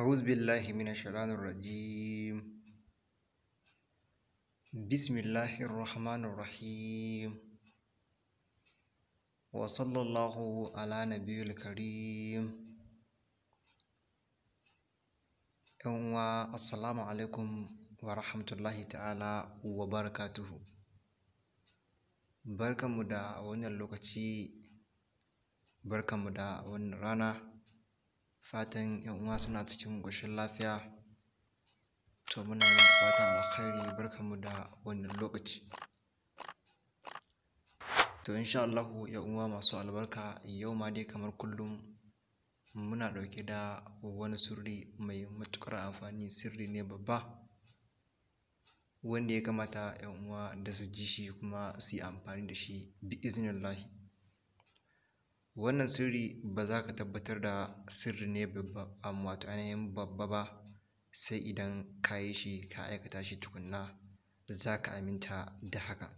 أعوذ بالله من الشيطان الرجيم بسم الله الرحمن الرحيم وصلى الله على نبي الكريم السلام عليكم ورحمة الله تعالى وبركاته بركة مدى wannan lokaci barkanmu da wannan rana fatan yan uwa suna cikin ƙoshin lafiya to muna yi muku fatan alkhairi barkanmu da wannan lokaci to insha Allahu yan uwa masu albarka yau ma dai kamar kullum muna ɗauke da wani sirri mai matuƙar amfani sirri ne babba wanda ya kamata yan uwa da su ji shi kuma su yi amfani da shi bi iznillahi wannan sirri ba za ka tabbatar da sirri ne babba wato ainihin babba ba sai idan ka yi shi ka aikata shi tukunna za ka aminta da haka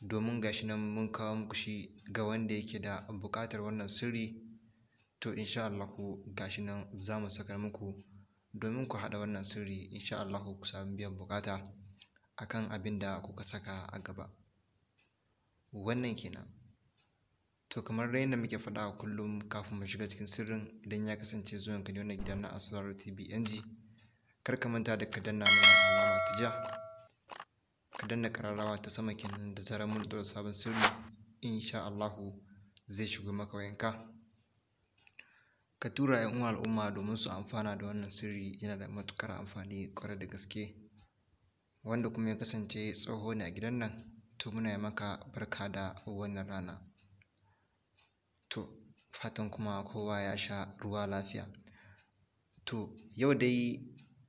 domin gashi nan mun kawo muku shi ga wanda yake da buƙatar wannan sirri to insha Allah gashi nan za mu sakar muku domin ku haɗa wannan sirri insha Allah ku samu biyan bukata akan abin da kuka saka a gaba wannan kenan To kamar dai yadda muke faɗa a kullum kafin mu shiga cikin sirrin idan ya kasance zuwan ne wannan gida na Asrarru TV NG kar ka manta da ka danna mana alama ta ja ka danna kararrawa ta sama kenan da zarar mun ɗora sabon sirri insha Allahu zai shigo maka wayanka. Ka tura ‘yan uwa al'umma domin su amfana da wannan sirri yana da matukar amfani kwarai da gaske wanda kuma ya kasance tsoho ne a gidan nan to muna yi maka barka da wannan rana. To fatan kuma kowa ya sha ruwa lafiya. To yau dai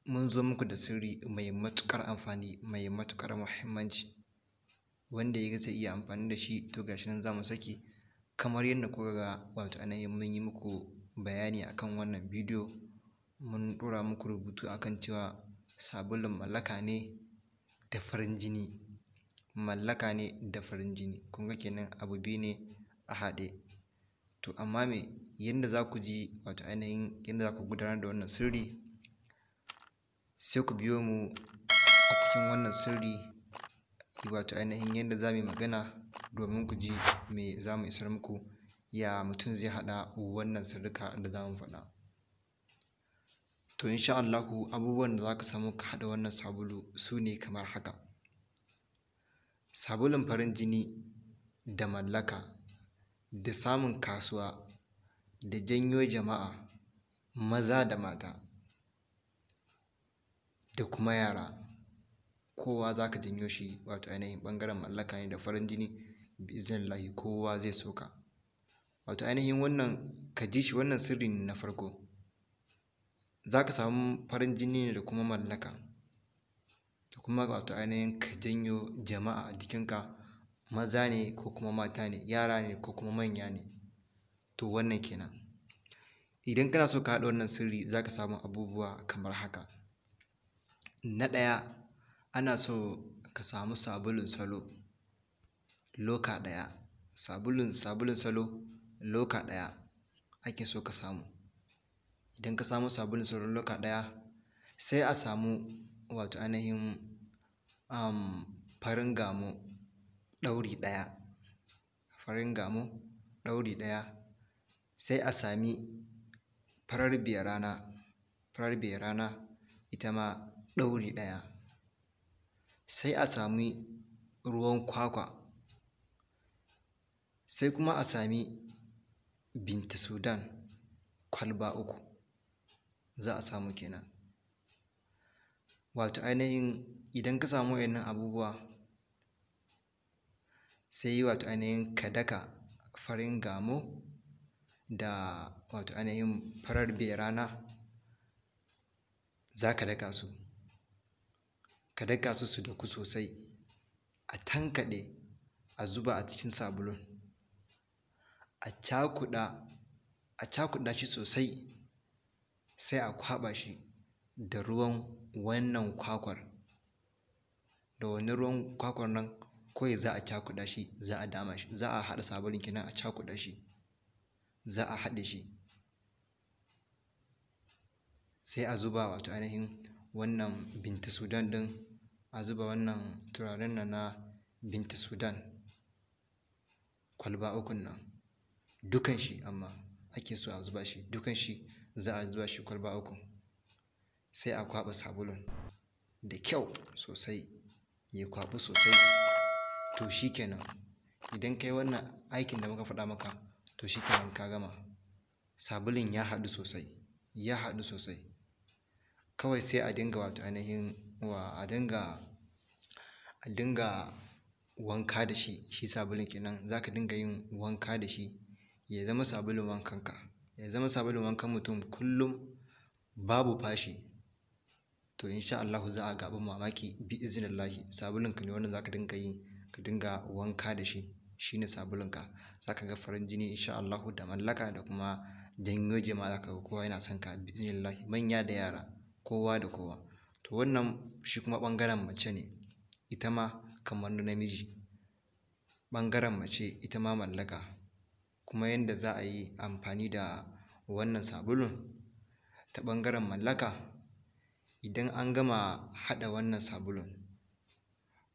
mun zo muku da sirri mai matuƙar amfani, mai matuƙar muhimmanci wanda ya zai iya amfani da shi to gashi nan za mu saki kamar yadda kuka ga wato ainihin mun yi muku bayani akan wannan bidiyo mun ɗora muku rubutu akan cewa sabulun mallaka ne da farin jini, mallaka ne da farin jini. Kun ga kenan abu biyu ne a haɗe. to amma me yadda za ku ji wato ainihin yadda za ku gudanar da wannan sirri sai ku biyo mu a cikin wannan sirri wato ainihin yadda za mu yi magana domin ku ji mai za mu isar muku ya mutum zai haɗa wannan sirrika da za mu faɗa to insha Allahu abubuwan da za ka samu ka haɗa wannan sabulu su ne kamar haka sabulun farin jini da mallaka da samun kasuwa da janyo jama'a maza da mata da kuma yara kowa za ka janyo shi wato ainihin ɓangaren mallaka ne da farin jini bi'iznillahi kowa zai soka wato ainihin wannan ka ji shi wannan sirri ne na farko za ka samu farin jini ne da kuma mallaka da kuma wato ainihin ka janyo jama'a a jikinka maza ne ko kuma mata ne yara ne ko kuma manya ne to wannan kenan idan kana so ka haɗa wannan sirri za ka samu abubuwa kamar haka na ɗaya ana so ka samu sabulun salo loka ɗaya sabulun sabulun salo loka ɗaya ake so ka samu idan ka samu sabulun salo loka ɗaya sai a samu wato ainihin um, farin gamo ɗauri ɗaya farin gamo ɗauri ɗaya sai a sami farar rana farar rana ita ma ɗauri ɗaya sai a sami ruwan kwakwa sai kuma a sami binta sudan kwalba uku za a samu kenan wato ainihin idan ka samu wa'innan abubuwa sai wato ainihin ka daka farin gamo da wato ainihin farar rana, za ka daka su ka daka su su daku sosai a tankaɗe a zuba a cikin sabulun a cakuɗa a cakuɗa shi sosai sai a kwaɓa shi da ruwan wannan kwakwar da wani ruwan kwakwar nan kawai za a cakuɗa shi za a dama shi za a haɗa sabulun kenan a cakuɗa shi za a haɗe shi sai a zuba wato ainihin wannan binti sudan ɗin a zuba wannan turaren nan na binti sudan kwalba ukun nan dukan shi amma ake so a zuba shi dukan shi za a zuba shi kwalba ukun sai a kwaɓa sabulun da kyau sosai ya kwaɓu sosai to shikenan idan kai wannan aikin da muka faɗa maka to shikenan ka gama sabulun ya haɗu sosai ya haɗu sosai kawai sai a dinga wato ainihin wa a dinga a dinga wanka da shi shi sabulun kenan za ka dinga yin wanka da shi ya zama sabulun wankanka ya zama sabulun wankan mutum kullum babu fashi to insha Allahu za a gaɓi mamaki bi iznillahi sabulunka ne wannan za ka dinga yi ka dinga wanka da shi shine sabulunka za ka ga farin jini insha Allahu da mallaka da kuma janyo jama'a za ka ga kowa yana son ka biznillahi manya da yara kowa da kowa to wannan shi kuma ɓangaren mace ne ita ma kamar namiji ɓangaren mace ita ma mallaka kuma yadda za a yi amfani da wannan sabulun ta ɓangaren mallaka idan an gama haɗa wannan sabulun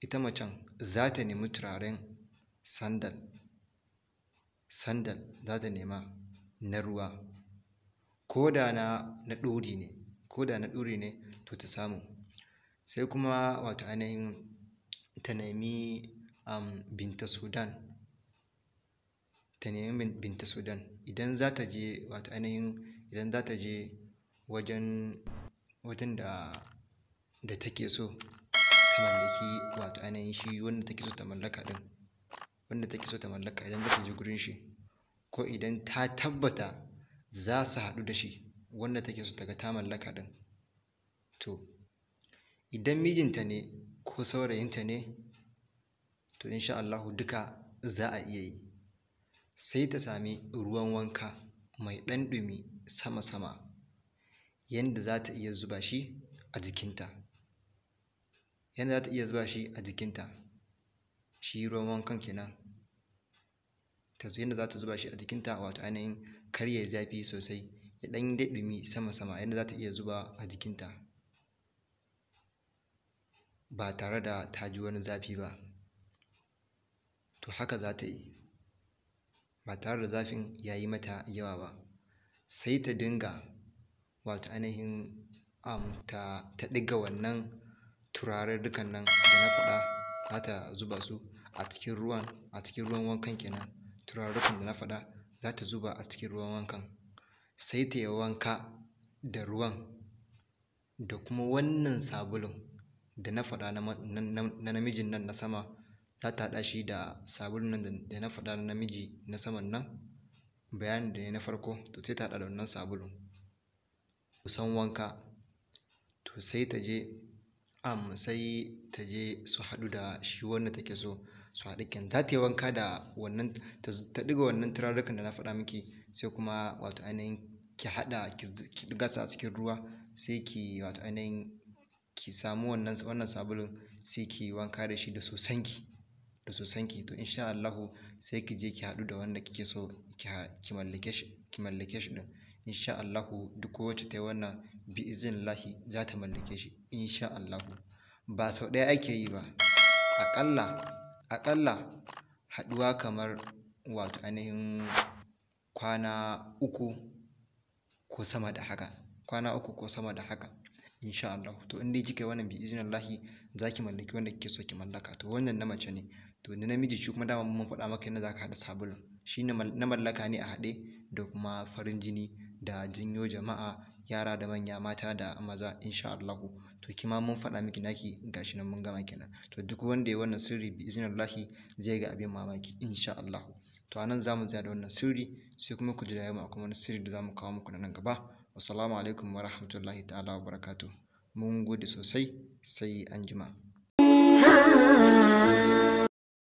ita macen za ta nemi turaren sandal sandal za ta nema na ruwa ko da na na ɗori ne ko da na ɗori ne to ta samu sai kuma wato ainihin ta nemi um, binta sudan ta nemi binta sudan idan za ta je wato ainihin idan za ta je wajen wajen da da take so mallaki wato ainihin shi wanda take so ta mallaka din, wanda take so ta mallaka idan za ta je gurin shi ko idan ta tabbata za su haɗu da shi wanda take so ta ga ta mallaka din? to idan mijinta ne ko saurayinta ne to insha Allahu duka za a iya yi sai ta sami ruwan wanka mai ɗan ɗumi sama-sama yadda za ta iya zuba shi a jikinta yadda za ta iya zuba shi a jikinta shi ruwan wankan kenan ta yadda za ta zuba shi a jikinta wato ainihin kar zafi sosai ya ɗan daɗi ɗumi sama-sama yadda za ta iya zuba a jikinta ba tare da ta ji wani zafi ba to haka za ta yi ba tare da zafin ya yi mata yawa ba sai ta dinga wato ainihin am ta ɗiga wannan turare dukkanin da na faɗa za ta zuba su a cikin ruwan a cikin ruwan wankan kenan turarukan da na faɗa za ta zuba a cikin ruwan wankan sai ta yi wanka da ruwan da kuma wannan sabulun da na faɗa na namijin nan na sama za ta haɗa shi da sabulun nan da na faɗa na namiji na saman nan bayanin da ne na farko to sai ta haɗa da wannan sabulun kusan wanka to sai ta je um, sai ta je su haɗu da shi wanda take so su haɗu kyan za ta yi wanka da wannan ta ɗiga wannan turarrukan da na faɗa miki sai kuma wato ainihin ki haɗa ki gasa a cikin ruwa sai ki wato ainihin ki samu wannan wannan sabulun sai ki wanka da shi da sosanki da sosanki to insha Allahu sai ki je ki haɗu da wanda kike so ki mallake shi ki mallake shi din insha Allahu duk wacce ta yi wannan bi lahi za ta mallake shi insha Allahu ba sau ɗaya ake yi ba aƙalla aƙalla haɗuwa kamar wato ainihin kwana uku ko sama da haka kwana uku ko sama da haka insha Allah to in dai kika wannan bi za zaki mallaki wanda kike so ki mallaka to wannan na mace ne to ni namiji shi kuma dama mun faɗa maka yadda zaka haɗa sabulun shi na mallaka ne a haɗe da kuma farin jini da jinyo jama'a yara da manya mata da maza insha Allahu to kima mun faɗa miki naki gashi nan mun gama kenan to duk wanda ya wannan sirri bi iznillahi zai ga abin mamaki insha Allahu to anan zamu tsaya da wannan sirri sai kuma ku jira mu akwai wani sirri da zamu kawo muku nan gaba assalamu alaikum wa rahmatullahi ta'ala wa barakatuh mun gode sosai sai anjima